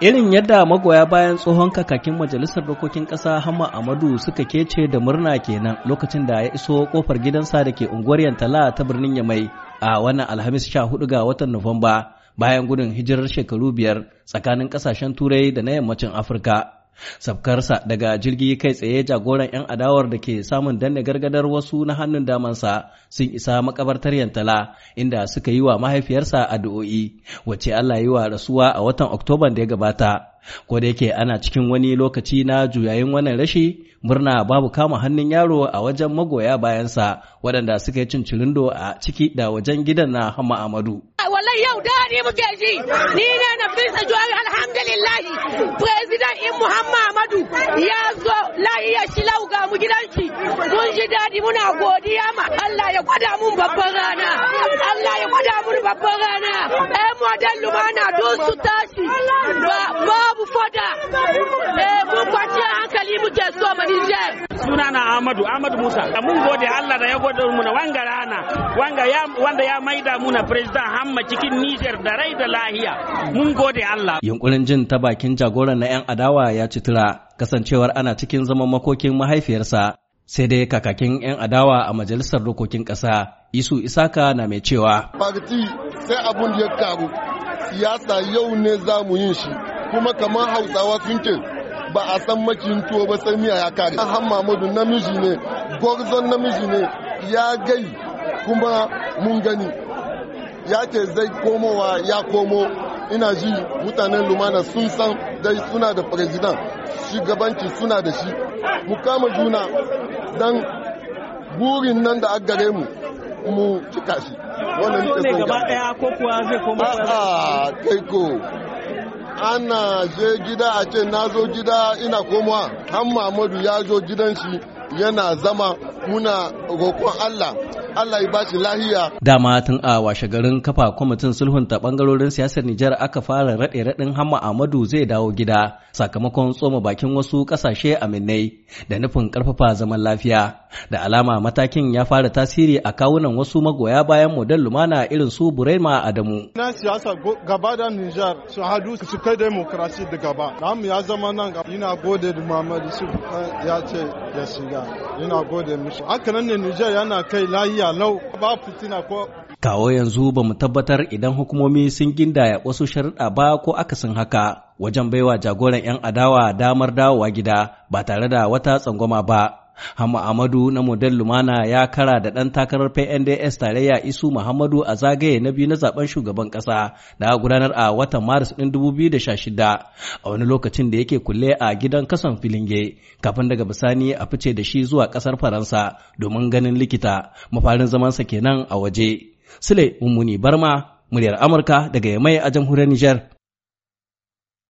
Irin yadda magoya bayan tsohon kakakin majalisar dokokin ƙasa hama Amadu suka kece da murna kenan lokacin da ya iso kofar gidansa da ke unguwar Yantala ta birnin Yamai a wannan Alhamis sha hudu ga watan Nuwamba bayan gudun hijirar shekaru biyar tsakanin ƙasashen Turai da na yammacin Afirka. Sabkarsa daga jirgi kai tsaye jagoran 'yan adawar da ke samun danne gargadar wasu na hannun damansa sun isa makabartar Yantala inda suka yi wa mahaifiyarsa addu'o'i wacce Allah yi wa rasuwa a watan Oktoban da ya gabata. Ko da yake ana cikin wani lokaci na juyayin wannan rashi murna babu kama hannun yaro a wajen magoya bayansa waɗanda suka yi cincirindo a ciki da wajen gidan na Hamma Amadu. yau dadi muke ji ni ne na bisa juwal alhamdulillahi president in muhammadu ya zo lahiya shi lauga mu gidanki mun ji dadi muna godiya ma Allah ya gwada mun babban rana Allah ya gwada mun babban rana lumana don su tashi babu fada suna na Ahmadu Ahmadu Musa da mun gode Allah da ya gode mu na wanga rana wanga ya wanda ya maida mu na president Hamma cikin Niger da rai da lahiya mun gode Allah yunkurin jin ta bakin jagoran na yan adawa ya ci tura kasancewar ana cikin zaman makokin mahaifiyarsa sai dai kakakin 'yan adawa a majalisar dokokin kasa, isu isaka na mai cewa Fagiti sai abun da ya karu siyasa yau ne za mu yin shi kuma kamar hausawa sun ce ba a san makin tuwo ba sai miya ya kare han mamadu namiji ne gwarzon namiji ne ya gai kuma mun gani ya ke zai komowa ya komo ina ji mutanen lumana sun san dai suna da president shugabanci suna da shi mu kama juna don burin nan da gare mu mu cika shi wannan ne gaba daya ko kuwa zai koma a kai ko ana je gida a ce na zo gida ina komawa har Muhammadu ya zo gidan yana zama muna roƙon Allah Allah ya bashi lahiya. Dama tun a washe garin kafa kwamitin ta bangarorin siyasar Nijar aka fara raɗe raɗin Hamma Amadu zai dawo gida sakamakon tsoma bakin wasu ƙasashe aminai da nufin ƙarfafa zaman lafiya. da alama matakin ya fara tasiri a kawunan wasu magoya bayan model lumana irin su burema adamu na siyasa gaba da nijar su hadu su kai demokrasi da gaba namu ya zama nan ina gode da muhammadu su eh, ya ce ya shiga ina gode mishi haka nan ne nijar yana kai layiya lau ba fitina ko kawo yanzu ba mu tabbatar idan hukumomi sun gindaya wasu sharuɗa ba ko akasin haka wajen baiwa jagoran 'yan adawa damar dawowa gida ba tare da wata tsangwama ba Hama Amadu na model Lumana ya kara da ɗan takarar PNDS tarayya Isu Muhammadu a zagaye na biyu na zaben shugaban ƙasa da gudanar a watan Maris ɗin dubu da 2016 a wani lokacin da yake kulle a gidan kasan Filinge kafin daga bisani a fice da shi zuwa ƙasar Faransa domin ganin likita mafarin zamansa kenan a waje. Sule Mummuni Barma, muryar Amurka daga Yamai a jamhuriyar Nijar.